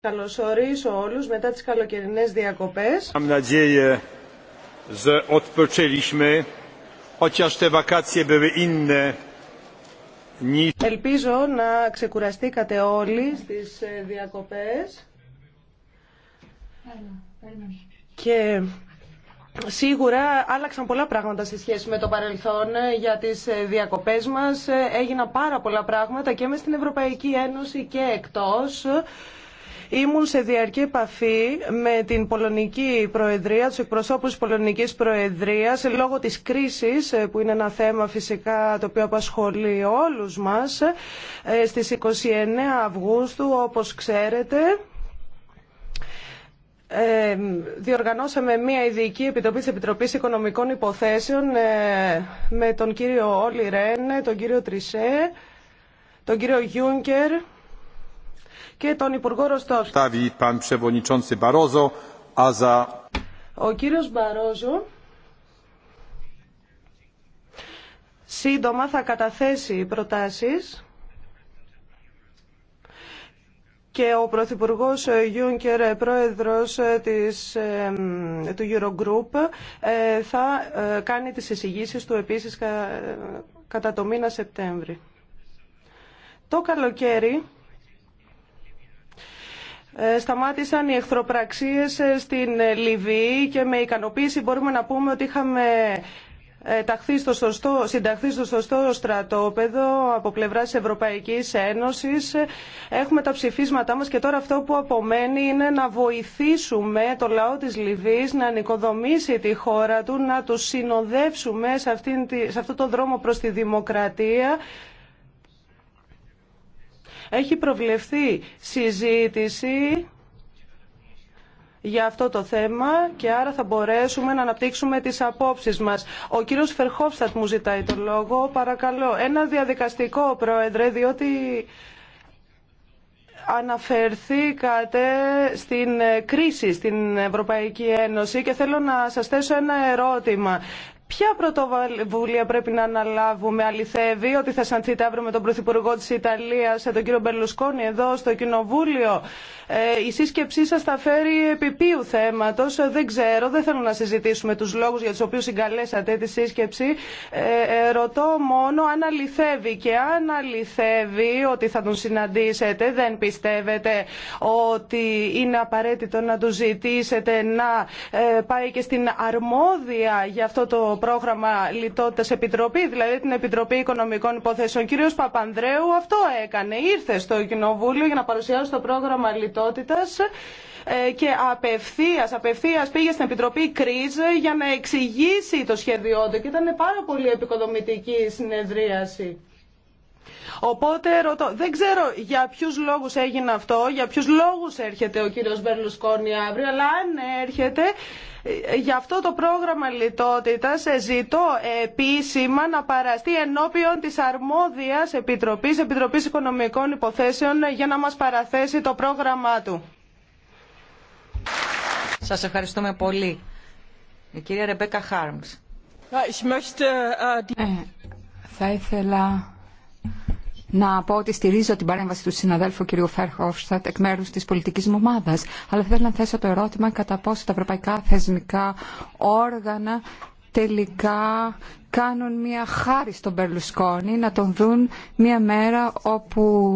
καλωσορίσω όλους μετά τις καλοκαιρινές διακοπές. Mam nadzieję, że odpoczęliśmy, chociaż te wakacje były inne. Ελπίζω να ξεκουραστήκατε όλοι στις ε, διακοπές. Και Σίγουρα άλλαξαν πολλά πράγματα σε σχέση με το παρελθόν ε, για τις ε, διακοπές μας. Έγιναν πάρα πολλά πράγματα και με στην Ευρωπαϊκή Ένωση και εκτός. Ήμουν σε διαρκή επαφή με την Πολωνική Προεδρία, του εκπροσώπους της Πολωνικής Προεδρίας, λόγω της κρίσης, ε, που είναι ένα θέμα φυσικά το οποίο απασχολεί όλους μας, ε, στις 29 Αυγούστου, όπως ξέρετε, ε, διοργανώσαμε μια ειδική επιτροπή της Επιτροπής Οικονομικών Υποθέσεων με τον κύριο Όλι Ρένε, τον κύριο Τρισέ, τον κύριο Γιούγκερ, και τον Υπουργό Ροστόφσκι. Ο κύριος Μπαρόζο σύντομα θα καταθέσει προτάσεις και ο Πρωθυπουργό Γιούνκερ, πρόεδρος της, του Eurogroup, ε, θα ε, κάνει τις εισηγήσεις του επίσης κατά το μήνα Σεπτέμβρη. Το καλοκαίρι ε, σταμάτησαν οι εχθροπραξίες ε, στην ε, Λιβύη και με ικανοποίηση μπορούμε να πούμε ότι είχαμε ταχθεί στο σωστό, συνταχθεί στο σωστό στρατόπεδο από πλευρά της Ευρωπαϊκή Ένωση. Έχουμε τα ψηφίσματά μας και τώρα αυτό που απομένει είναι να βοηθήσουμε το λαό της Λιβύης να ανοικοδομήσει τη χώρα του, να το συνοδεύσουμε σε, αυτήν, σε αυτό το δρόμο προ τη δημοκρατία έχει προβλεφθεί συζήτηση για αυτό το θέμα και άρα θα μπορέσουμε να αναπτύξουμε τις απόψεις μας. Ο κύριος Φερχόφστατ μου ζητάει το λόγο. Παρακαλώ, ένα διαδικαστικό, Πρόεδρε, διότι αναφερθήκατε στην κρίση στην Ευρωπαϊκή Ένωση και θέλω να σας θέσω ένα ερώτημα. Ποια πρωτοβουλία πρέπει να αναλάβουμε, αληθεύει, ότι θα σανθείτε αύριο με τον Πρωθυπουργό της Ιταλίας, τον κύριο Μπερλουσκόνη, εδώ στο Κοινοβούλιο. Ε, η σύσκεψή σας θα φέρει επιπίου θέματος. Ε, δεν ξέρω, δεν θέλω να συζητήσουμε τους λόγους για τους οποίους συγκαλέσατε τη σύσκεψη. Ε, ε, ρωτώ μόνο αν αληθεύει και αν αληθεύει ότι θα τον συναντήσετε, δεν πιστεύετε ότι είναι απαραίτητο να του ζητήσετε να πάει και στην αρμόδια για αυτό το πρόγραμμα λιτότητας επιτροπή, δηλαδή την Επιτροπή Οικονομικών Υποθέσεων. Ο κύριος Παπανδρέου αυτό έκανε. Ήρθε στο Κοινοβούλιο για να παρουσιάσει το πρόγραμμα λιτότητας ε, και απευθείας, απευθείας πήγε στην Επιτροπή Κρίζ για να εξηγήσει το σχέδιό του και ήταν πάρα πολύ επικοδομητική συνεδρίαση. Οπότε ρωτώ, δεν ξέρω για ποιους λόγους έγινε αυτό, για ποιους λόγους έρχεται ο κύριος Μπερλουσκόνη αύριο, αλλά αν έρχεται Γι' αυτό το πρόγραμμα λιτότητα ε, ζητώ επίσημα να παραστεί ενώπιον της αρμόδιας Επιτροπής, Επιτροπής Οικονομικών Υποθέσεων για να μα παραθέσει το πρόγραμμά του. Σα ευχαριστούμε πολύ. Η κυρία Ρεμπέκα ε, Θα ήθελα να πω ότι στηρίζω την παρέμβαση του συναδέλφου κ. Φέρχοφστατ εκ μέρου τη πολιτική μου ομάδα. Αλλά θέλω να θέσω το ερώτημα κατά πόσο τα ευρωπαϊκά θεσμικά όργανα τελικά κάνουν μια χάρη στον Μπερλουσκόνη να τον δουν μια μέρα όπου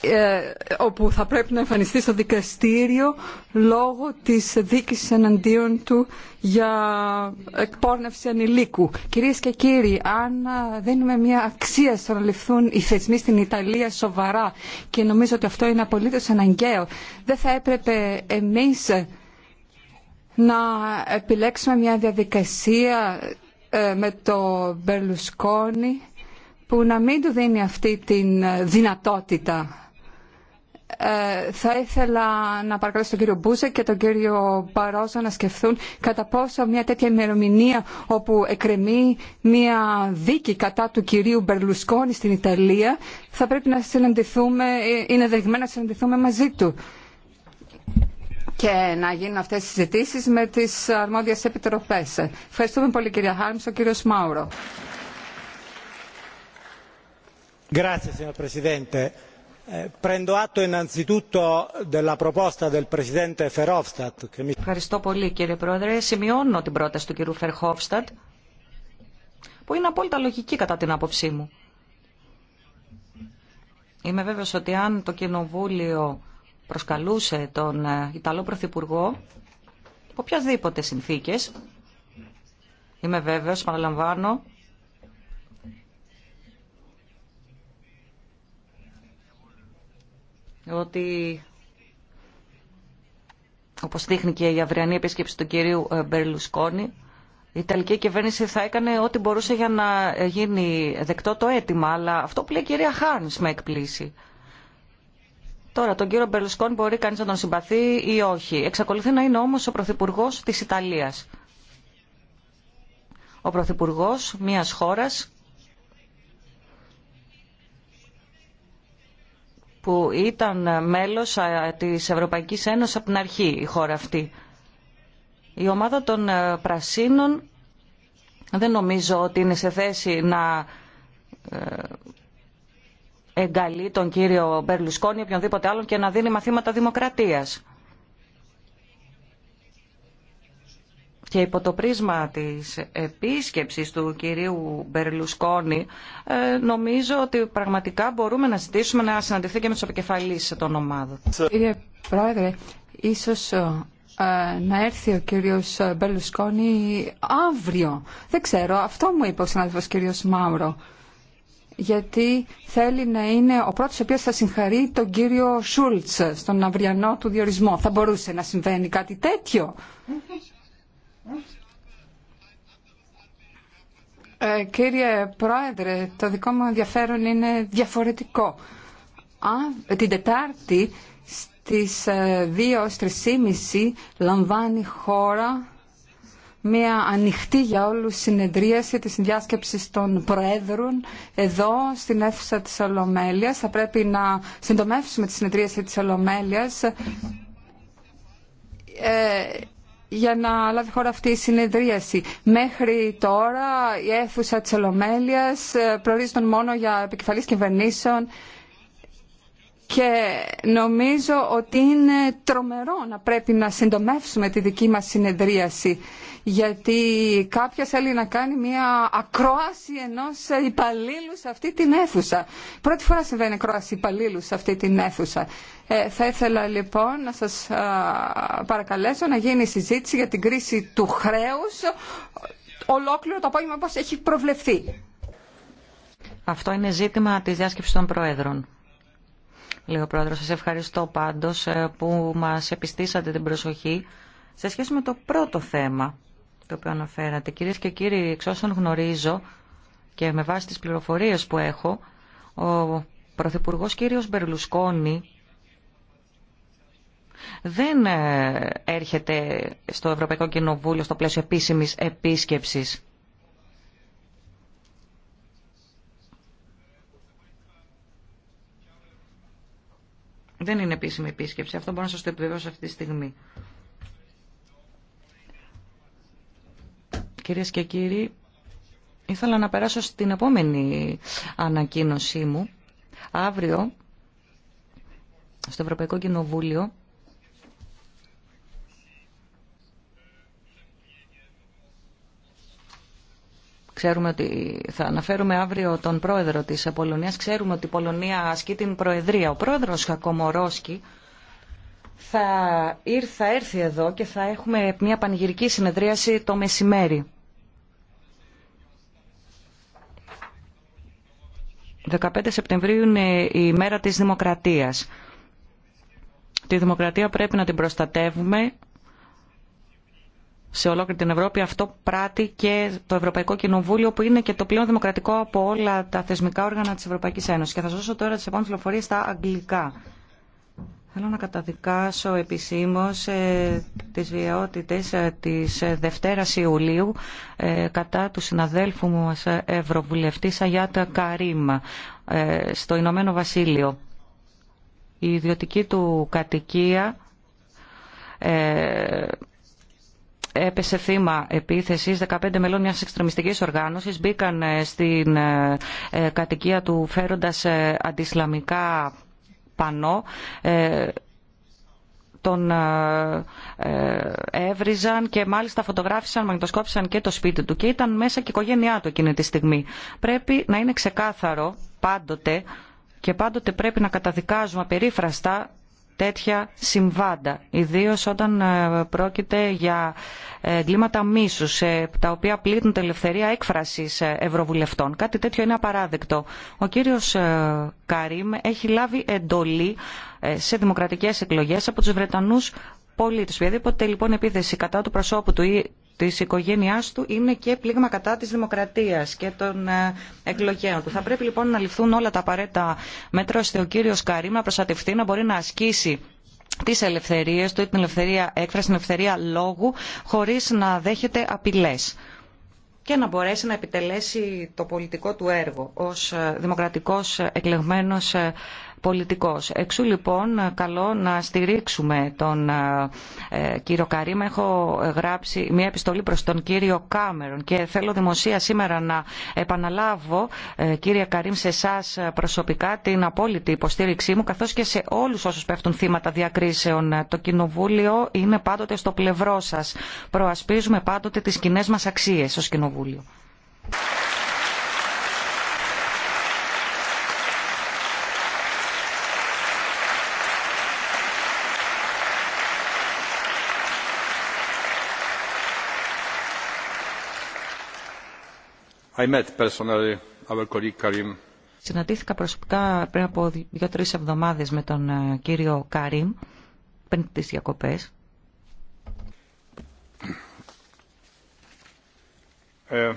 ε, όπου θα πρέπει να εμφανιστεί στο δικαστήριο λόγω της δίκης εναντίον του για εκπόρνευση ανηλίκου. Κυρίες και κύριοι, αν ε, δίνουμε μια αξία στο να ληφθούν οι θεσμοί στην Ιταλία σοβαρά και νομίζω ότι αυτό είναι απολύτως αναγκαίο, δεν θα έπρεπε εμείς να επιλέξουμε μια διαδικασία ε, με το Μπερλουσκόνη που να μην του δίνει αυτή τη δυνατότητα. Ε, θα ήθελα να παρακαλώ τον κύριο Μπούζε και τον κύριο Παρόζο να σκεφτούν κατά πόσο μια τέτοια ημερομηνία όπου εκρεμεί μια δίκη κατά του κυρίου Μπερλουσκόνη στην Ιταλία θα πρέπει να συναντηθούμε, ε, είναι δεδειγμένα να συναντηθούμε μαζί του και να γίνουν αυτές οι συζητήσεις με τις αρμόδιες επιτροπές. Ευχαριστούμε πολύ κύριε Χάρμς, ο κύριος Μάουρο signor ευχαριστώ πολύ κύριε πρόεδρε. σημειώνω την πρόταση του κυρίου Φερχόφστατ που είναι απόλυτα λογική κατά την άποψή μου. Είμαι βέβαιος ότι αν το κοινοβούλιο προσκαλούσε τον ε, Ιταλό Πρωθυπουργό από οποιασδήποτε συνθήκες είμαι βέβαιος, παραλαμβάνω, ότι όπως δείχνει και η αυριανή επίσκεψη του κυρίου ε, Μπερλουσκόνη, η Ιταλική κυβέρνηση θα έκανε ό,τι μπορούσε για να ε, γίνει δεκτό το αίτημα, αλλά αυτό που λέει η κυρία Χάνς με εκπλήσει. Τώρα, τον κύριο Μπερλουσκόνη μπορεί κανείς να τον συμπαθεί ή όχι. Εξακολουθεί να είναι όμως ο Πρωθυπουργό της Ιταλίας. Ο Πρωθυπουργό μιας χώρας που ήταν μέλος της Ευρωπαϊκής Ένωσης από την αρχή η χώρα αυτή. Η ομάδα των ε, Πρασίνων δεν νομίζω ότι είναι σε θέση να ε, εγκαλεί τον κύριο Μπερλουσκόνη ή οποιονδήποτε άλλον και να δίνει μαθήματα δημοκρατίας. Και υπό το πρίσμα της επίσκεψης του κυρίου Μπερλουσκόνη ε, νομίζω ότι πραγματικά μπορούμε να ζητήσουμε να συναντηθεί και με τους επικεφαλείς των ομάδων. Κύριε Πρόεδρε, ίσως ε, να έρθει ο κύριος Μπερλουσκόνη αύριο. Δεν ξέρω, αυτό μου είπε ο συνάδελφος κύριος Μάουρο. Γιατί θέλει να είναι ο πρώτος ο οποίος θα συγχαρεί τον κύριο Σούλτς στον αυριανό του διορισμό. Θα μπορούσε να συμβαίνει κάτι τέτοιο. Ε, κύριε Πρόεδρε, το δικό μου ενδιαφέρον είναι διαφορετικό. Α, την Τετάρτη στις 2-3.30 ε, λαμβάνει χώρα μια ανοιχτή για όλους συνεδρίαση της συνδιάσκεψης των Προέδρων εδώ στην αίθουσα της Ολομέλειας. Θα πρέπει να συντομεύσουμε τη συνεδρίαση της Ολομέλειας. Ε, για να λάβει χώρα αυτή η συνεδρίαση. Μέχρι τώρα η αίθουσα της Ολομέλειας ε, προορίζονταν μόνο για επικεφαλής κυβερνήσεων και νομίζω ότι είναι τρομερό να πρέπει να συντομεύσουμε τη δική μας συνεδρίαση γιατί κάποιος θέλει να κάνει μια ακρόαση ενός υπαλλήλου σε αυτή την αίθουσα. Πρώτη φορά συμβαίνει ακρόαση υπαλλήλου σε αυτή την αίθουσα. Ε, θα ήθελα λοιπόν να σας παρακαλέσω να γίνει συζήτηση για την κρίση του χρέους ολόκληρο το απόγευμα όπως έχει προβλεφθεί. Αυτό είναι ζήτημα της διάσκεψης των Προέδρων λέει πρόεδρο, Σας ευχαριστώ πάντως ε, που μας επιστήσατε την προσοχή σε σχέση με το πρώτο θέμα το οποίο αναφέρατε. Κυρίες και κύριοι, εξ όσων γνωρίζω και με βάση τις πληροφορίες που έχω, ο Πρωθυπουργό κύριος Μπερλουσκόνη δεν ε, έρχεται στο Ευρωπαϊκό Κοινοβούλιο στο πλαίσιο επίσημης επίσκεψης Δεν είναι επίσημη επίσκεψη. Αυτό μπορώ να σας το επιβεβαιώσω αυτή τη στιγμή. Κυρίες και κύριοι, ήθελα να περάσω στην επόμενη ανακοίνωσή μου. Αύριο, στο Ευρωπαϊκό Κοινοβούλιο, Ξέρουμε ότι θα αναφέρουμε αύριο τον πρόεδρο της Πολωνίας. Ξέρουμε ότι η Πολωνία ασκεί την προεδρία. Ο πρόεδρος Χακομορόσκι θα, θα έρθει εδώ και θα έχουμε μια πανηγυρική συνεδρίαση το μεσημέρι. 15 Σεπτεμβρίου είναι η μέρα της δημοκρατίας. Τη δημοκρατία πρέπει να την προστατεύουμε σε ολόκληρη την Ευρώπη. Αυτό πράττει και το Ευρωπαϊκό Κοινοβούλιο που είναι και το πλέον δημοκρατικό από όλα τα θεσμικά όργανα της Ευρωπαϊκής Ένωσης. Και θα σας δώσω τώρα τι επόμενε πληροφορίε στα αγγλικά. Θέλω να καταδικάσω επισήμως ε, τις βιαιότητες ε, της ε, Δευτέρας Ιουλίου ε, κατά του συναδέλφου μας Ευρωβουλευτή Αγιάτα Καρίμα ε, στο Ηνωμένο Βασίλειο. Η ιδιωτική του κατοικία έπεσε θύμα επίθεση, 15 μελών μιας εξτρεμιστική οργάνωσης μπήκαν ε, στην ε, ε, κατοικία του φέροντας αντισλαμικά πανό τον έβριζαν και μάλιστα φωτογράφησαν, μαγνητοσκόπησαν και το σπίτι του και ήταν μέσα και η οικογένειά του εκείνη τη στιγμή. Πρέπει να είναι ξεκάθαρο πάντοτε και πάντοτε πρέπει να καταδικάζουμε περίφραστα τέτοια συμβάντα, ιδίως όταν ε, πρόκειται για ε, εγκλήματα μίσους, ε, τα οποία πλήττουν την ελευθερία έκφρασης ευρωβουλευτών. Κάτι τέτοιο είναι απαράδεκτο. Ο κύριος Καρίμ έχει λάβει εντολή σε δημοκρατικές εκλογές από τους Βρετανούς πολίτες. Οποιαδήποτε δηλαδή, λοιπόν επίθεση κατά του προσώπου του ή της οικογένειάς του είναι και πλήγμα κατά της δημοκρατίας και των ε, εκλογέων του. Θα πρέπει λοιπόν να ληφθούν όλα τα απαραίτητα μέτρα ώστε ο κύριος Καρίμα να προστατευτεί, να μπορεί να ασκήσει τις ελευθερίες του, την ελευθερία έκφραση, την ελευθερία λόγου, χωρίς να δέχεται απειλές και να μπορέσει να επιτελέσει το πολιτικό του έργο ως ε, δημοκρατικός ε, εκλεγμένος πολιτικός. Εξού λοιπόν καλό να στηρίξουμε τον ε, κύριο Καρίμ. Έχω γράψει μια επιστολή προς τον κύριο Κάμερον και θέλω δημοσία σήμερα να επαναλάβω ε, κύριε Καρίμ σε εσά προσωπικά την απόλυτη υποστήριξή μου καθώς και σε όλους όσους πέφτουν θύματα διακρίσεων. Το Κοινοβούλιο είναι πάντοτε στο πλευρό σας. Προασπίζουμε πάντοτε τις κοινέ μας αξίες ως Κοινοβούλιο. Συναντήθηκα προσωπικά πριν από δύο τρεις εβδομάδες με τον ε, κύριο Κάριμ, πεντής διακοπές. Ε,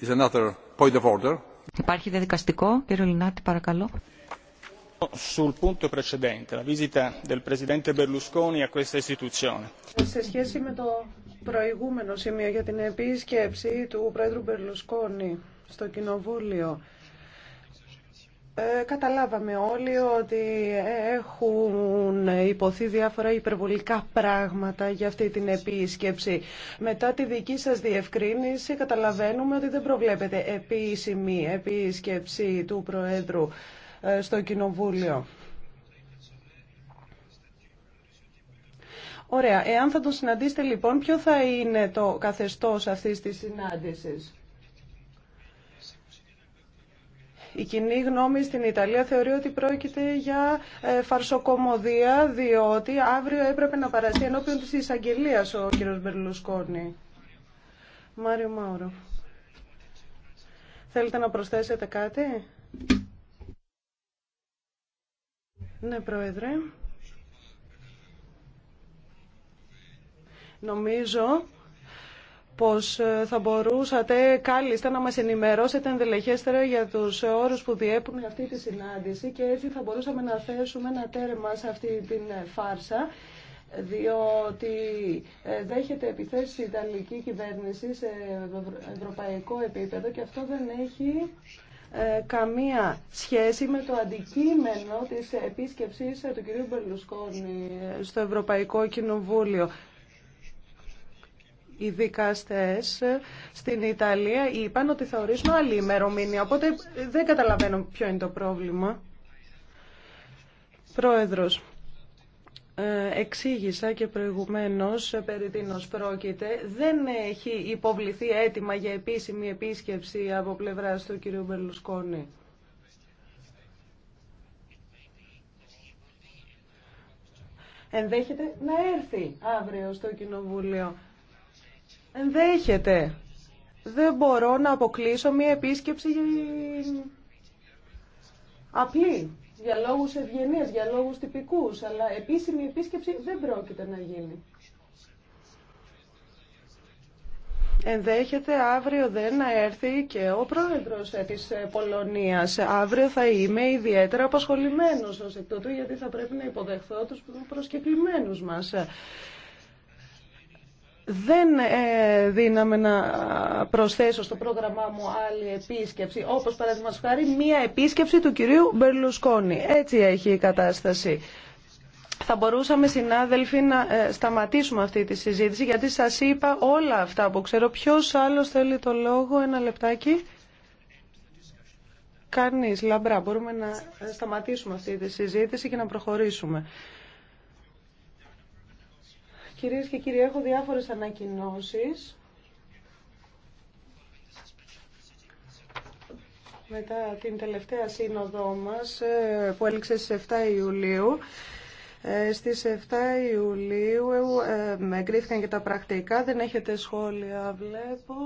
is another point of order; υπάρχει διαδικαστικό, κύριοι Λινάτη, παρακαλώ. Sul punto precedente, la visita del presidente Berlusconi a questa istituzione προηγούμενο σημείο για την επίσκεψη του Πρόεδρου Μπερλουσκόνη στο Κοινοβούλιο. Ε, καταλάβαμε όλοι ότι έχουν υποθεί διάφορα υπερβολικά πράγματα για αυτή την επίσκεψη. Μετά τη δική σας διευκρίνηση καταλαβαίνουμε ότι δεν προβλέπεται επίσημη επίσκεψη του Προέδρου ε, στο Κοινοβούλιο. Ωραία. Εάν θα τον συναντήσετε λοιπόν, ποιο θα είναι το καθεστώς αυτής της συνάντησης. Η κοινή γνώμη στην Ιταλία θεωρεί ότι πρόκειται για ε, φαρσοκομωδία, διότι αύριο έπρεπε να παραστεί ενώπιον της εισαγγελία ο κύριος Μπερλουσκόνη. Μάριο Μάουρο. Θέλετε να προσθέσετε κάτι? Ναι, Πρόεδρε. Νομίζω πως ε, θα μπορούσατε κάλλιστα να μας ενημερώσετε ενδελεχέστερα για τους όρους που διέπουν αυτή τη συνάντηση και έτσι θα μπορούσαμε να θέσουμε ένα τέρμα σε αυτή την φάρσα διότι ε, δέχεται επιθέσεις η Ιταλική κυβέρνηση σε ευρωπαϊκό επίπεδο και αυτό δεν έχει ε, καμία σχέση με το αντικείμενο της επίσκεψης του κ. Μπελουσκόνη στο Ευρωπαϊκό Κοινοβούλιο οι δικαστέ στην Ιταλία είπαν ότι θα ορίσουν άλλη ημερομηνία. Οπότε δεν καταλαβαίνω ποιο είναι το πρόβλημα. Πρόεδρος, ε, εξήγησα και προηγουμένως περί τίνος πρόκειται. Δεν έχει υποβληθεί αίτημα για επίσημη επίσκεψη από πλευράς του κ. Μπερλουσκόνη. Ενδέχεται να έρθει αύριο στο Κοινοβούλιο. Ενδέχεται. Δεν μπορώ να αποκλείσω μία επίσκεψη απλή, για λόγους ευγενείς, για λόγους τυπικούς, αλλά επίσημη επίσκεψη δεν πρόκειται να γίνει. Ενδέχεται αύριο δεν να έρθει και ο πρόεδρος ε, της ε, Πολωνίας. Αύριο θα είμαι ιδιαίτερα απασχολημένος ως εκ τούτου γιατί θα πρέπει να υποδεχθώ τους προσκεκλημένους μας δεν ε, δίναμε να προσθέσω στο πρόγραμμά μου άλλη επίσκεψη, όπως παραδείγματος χάρη μία επίσκεψη του κυρίου Μπερλουσκόνη. Έτσι έχει η κατάσταση. Θα μπορούσαμε, συνάδελφοι, να ε, σταματήσουμε αυτή τη συζήτηση, γιατί σας είπα όλα αυτά που ξέρω. Ποιος άλλος θέλει το λόγο, ένα λεπτάκι. Κανείς, λαμπρά. Μπορούμε να ε, σταματήσουμε αυτή τη συζήτηση και να προχωρήσουμε. Κυρίες και κύριοι, έχω διάφορες ανακοινώσεις. Μετά την τελευταία σύνοδό μας ε, που έληξε στις 7 Ιουλίου, ε, στις 7 Ιουλίου ε, εγκρίθηκαν και τα πρακτικά, δεν έχετε σχόλια βλέπω.